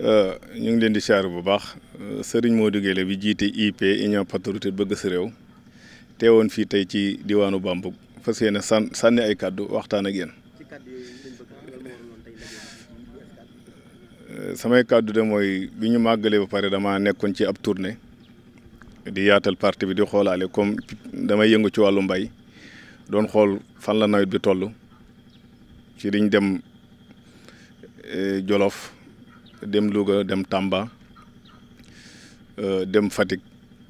Euh, ñu ngi leen di siyaar bu baax euh, sëriñ Modou Guèye bi jiite IP Union Patriotique bëgg sa réew te woon fii tey ci diwaanu Bambug fas yéene sàn sànni ay kàddu waxtaan ak yéen euh, samay kàddu de mooy bi ñu màggalee ba pare dama nekkoon ci ab tournée di yaatal parti bi di xoolaale comme damay yëngu ci wàllu mbay doon xool fan la nawet bi toll ci liñ dem Jolof dem Louga dem Tamba euh, dem Fatick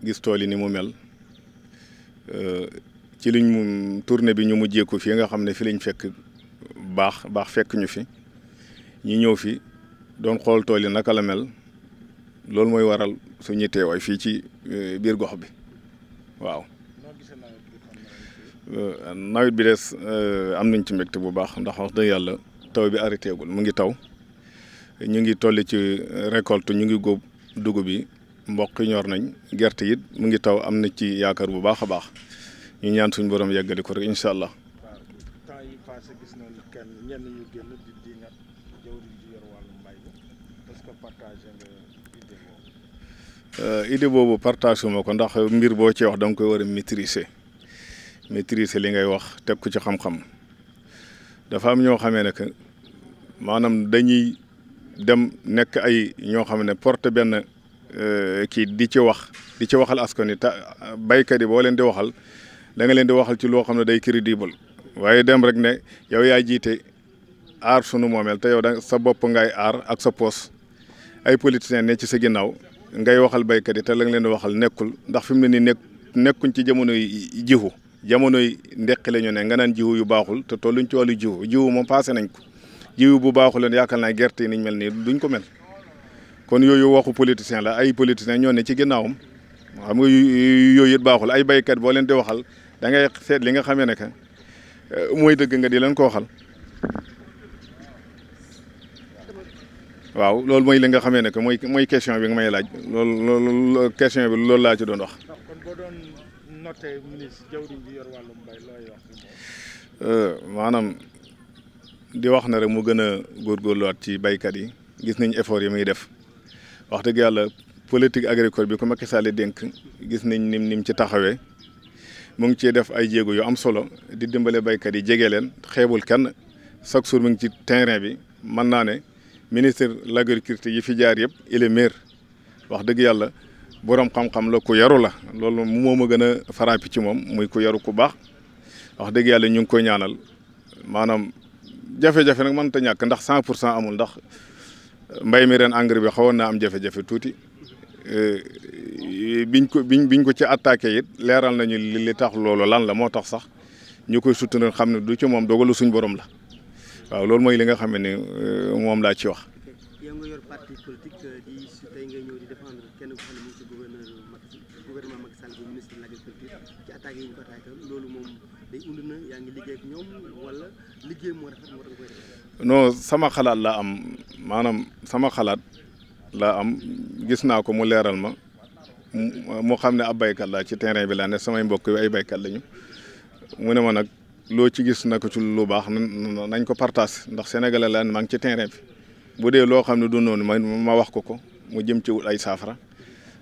gis tool yi ni mu mel euh, ci liñ mu tournée bi ñu mujjee ko fii nga xam ne fi lañ fekk baax baax fekk ñu fi ñu ñëw fi doon xool tool yi naka la mel loolu mooy waral suñu teewaay fii ci euh, biir gox bi waaw. nawet bi des am nañ ci mbégte bu baax ndax wax dëgg yàlla taw bi arrêté gul mu ngi taw. ñu ngi toll ci récolte ñu ngi góob dugub bi mboq ñor nañ gerte yit mu ngi taw am na ci yaakaar bu baax a baax ñu ñaan suñu borom yeggali ko rek incha allah. Euh, idée boobu partage suma ko ndax mbir boo ci wax da nga koy war a maîtriser li ngay wax teg ko ci xam-xam dafa am ñoo xamee ne maanaam dañuy. dem nekk ay ñoo xam ne porte benn euh, kii di ci wax di ci waxal askan ni te baykat yi boo leen di waxal da nga leen di waxal ci loo xam ne day crédible waaye dem rek ne yow yaa jiite aar sunu moomeel te yow da sa bopp ngay aar ak sa poos ay politiciens ne ci sa ginnaaw ngay waxal baykat yi te la leen di waxal nekkul ndax fi mu ne nii nekk nekkuñ ci jamono yi jiwu jamono yi ndeqi la ne nga naan jiwu yu baaxul te tolluñ ci walu jiwu jiwu moom passé nañ ko. jiw bu baaxu leen yaakaar naa gerte yi niñ mel nii duñ ko mel kon yooyu waxu politicien la ay politicien ñoon ne ci ginnaawam xam nga yooyu it baaxul ay baykat boo leen di waxal dangay seet li nga xamee ne que eh, mooy dëgg nga di leen ko waxal waaw loolu mooy li nga xamee ne que mooy mooy question bi nga may laaj loolu loolu question bi loolu laa ci doon wax. Euh, maanaam. di wax na rek mu gën a góorgóorluwaat ci baykat yi gis nañ effort yi muy def wax dëgg yàlla politique agricole bi ko Macky Sall dénk gis nañ nim nim ci taxawee mu ngi ciy def ay jéego yoo am solo di dimbale baykat yi jege leen xeebul kenn chaque jour mu ngi ci terrain bi mën naa ne ministre l' yi fi jaar yëpp il est maire wax dëgg yàlla borom xam-xam la ku yaru la loolu moom moo gën a faraapi ci moom muy ku yaru ku baax wax dëgg yàlla ñu ngi ko ñaanal maanaam. jafe-jafe nag mënta ñàkk ndax cent pour cent amul ndax mbay mi ren engrais bi xawoon naa am jafe-jafe tuuti eh, biñ ko biñ biñ ko ci attaqué it leeral nañu li li tax loolu lan la moo tax sax ñu koy soutenir xam ne du ci moom dogalu suñ borom la waaw loolu mooy li nga xam ne eh, moom laa ci wax. kenn sama xalaat laa am maanaam sama xalaat laa am gis naa ko mu leeral ma mu xam ne ab baykat laa ci terrain bi laa ne samay mbokk yu ay baykat lañu mu ne ma nag loo ci gis na ko ci lu baax nañ ko partage ndax sénégalais laa ne maa ci terrain bi bu dee loo xam ne du noonu ma ma wax ko ko mu jëm ci wut ay saafara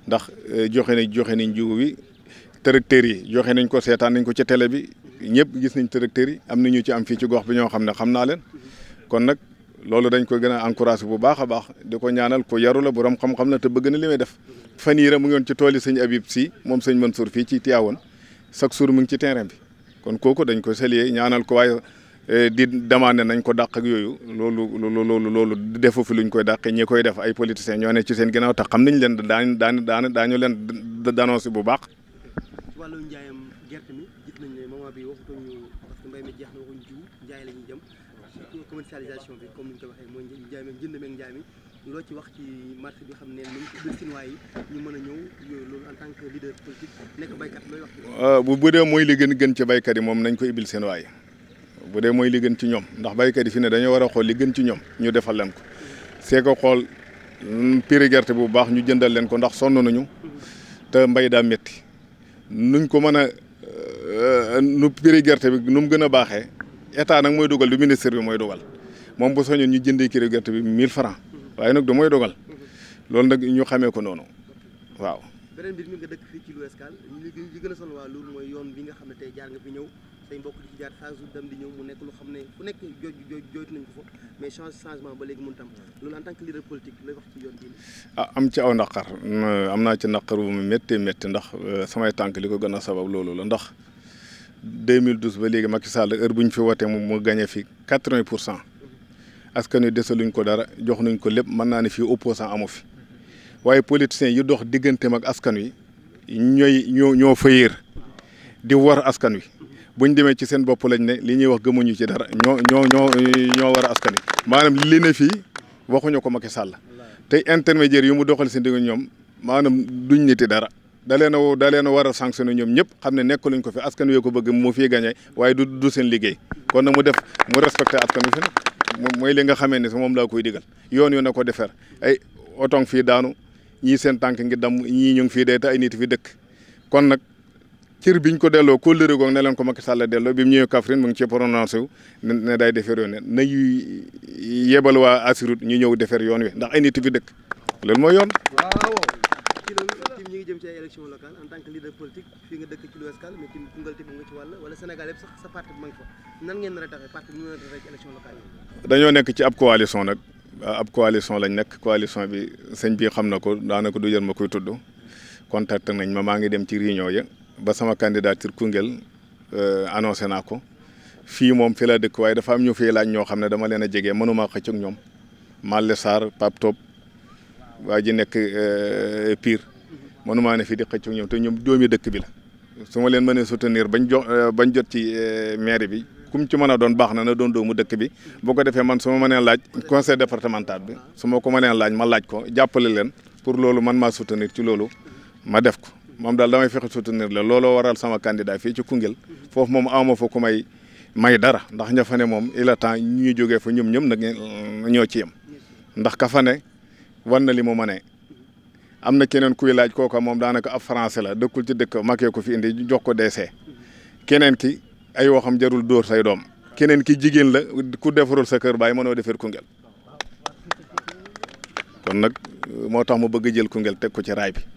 ndax euh, joxe nañ joxe nañ jiw bi tracteurs yi joxe nañ ko seetaan nañ ko ci tele bi ñëpp gis nañ tracteurs yi am na ñu ci am fii ci gox bi ñoo xam ne xam naa leen kon nag loolu dañ ko gën a encouragé bu baax a baax di ko ñaanal ko yarula la borom xam-xam la te bëgg na li may def fan yii mu ngi woon ci tool yi sëñ Habib si moom sëñ Mansour fii ci Tivaouane chaque jour mu ngi ci terrain bi kon kooku dañ ko saluer ñaanal ko waaye Eh, di demandé nañ ko dàq ak yooyu loolu loolu loolu defu fi luñ koy dàq ñi koy def ay politiciens ñoo ne ci seen ginnaaw tax xam nañ leen daan daan daan daañu leen danoo si bu baax. ci njaayam gerte mi gis nañ ne bi waxatuñu parce que mbay jiw njaay la ñuy jëm commercialisation comme ni ñu ko waxee mooy njaay mi jënd meeg njaay loo ci wax ci marché bi xam ne ñu mën a ñëw loolu euh, bu bu dee mooy li gën gën ci baykat yi moom nañ ko ibil seen waay bu dee mooy li gën ci ñoom ndax béykat yi fi ne dañoo war a xool li gën ci ñoom ñu defal leen ko see xool mm, prix gerte bu baax ñu jëndal leen ko ndax sonn nañu te mbay daa métti nuñ ko mën a euh, nu prix gerte bi nu mu gën a baaxee état nag mooy dogal du ministre bi mooy dogal moom bu soñoon ñu jëndee prix gerte bi 1000 francs waaye nag du mooy dogal loolu nag ñu xamee ko noonu waaw. beneen mbir a sonal waa Lour xam ne tey jaar say mbokk di nekk lu xam ne fu nekk jooj jooj jooytu nañ ko fa mais ah, am ci aw naqar am naa ci naqar bu mu méttee métti ndax euh, samay tànk li ko gën a sabab loolu la ndax 2012 ba léegi Macky Sall heure bu ñu fi wootee moom mu gagné fi 80 pour cent askan wi desaluñ ko dara jox nañ ko lépp mën naa ne fii opposant amu fi waaye politiciens yi dox digganteem ak askan wi ñooy ñoo ñoo fa di war askan wi bu ñu demee ci seen bopp lañ ne li ñuy wax gëmuñu ci dara ñoo ñoo ñoo ñoo war a askani maanaam li ne fii waxuñu ko Macky Sall tey intermédiaire yu mu doxal seen ndig ñoom maanaam duñ niti dara da leen a da leen a war a ñoom ñëpp xam ne nekk luñ ko fi askan wi ko bëgg mu fii gagné waaye du du seen liggéey kon na mu def mu respecté askan wi fi mooy li nga xamee ne si moom laa koy digal yoon yu na ko defar ay otong fii daanu ñii seen tànk ngi dam ñii ñu ngi fii dee te ay nit fi dëkk kon nag cër biñ ko delloo kóllëre goog ne leen ko Macky Sall delloo bi mu ñëwee Kaffrine mu ngi ci prononcé ne day defar yoon wi nañu yebal waa Assurut ñu ñëw defar yoon wi ndax ay nit fi dëkk loolu mooy yoon. ma ngi dañoo nekk ci ab coalition nag ab coalition lañ nekk coalition bi sëñ bi xam na ko daanaka du jël ma koy tudd contacté nañ ma maa ngi dem ci réunion ya ba sama candidature Koungheul euh, annoncé naa ko fii moom fi la dëkk waaye dafa am ñëw fii laaj ñoo xam ne dama leen a jege mënuma xëcc ñoom Malle Sarr Pape Top waa ji nekk euh, Pire mënumaa ne fii di xëcc ak ñoom te ñoom doomi dëkk bi la su ma leen mënee soutenir bañ jo euh, bañ jot ci maire bi kum ci mën a doon baax na na doon doomu dëkk bi boo ko defee man su ma mënee laaj conseil départemental bi su ko mënee laaj ma laaj ko jàppale leen pour loolu man maa soutenir ci loolu ma def ko moom daal damay fexe soutenir la looloo waral sama candidat fii ci Koungheul foofu moom awma fa ku may may dara ndax ña fa ne moom il est temps ñu jógee fa ñoom ñoom nag ñoo ci yem ndax ka fa ne war na li mu mënee am na keneen kuy laaj kooka moom daanaka ab français la dëkkul ci dëkk makee ko fi indi jox ko deesee keneen ki ay waxam jarul dóor say doom keneen ki jigéen la ku defarul sa kër bàyyi mënoo defar Koungheul kon nag moo tax ma bëgg jël Koungheul teg ko ci raay bi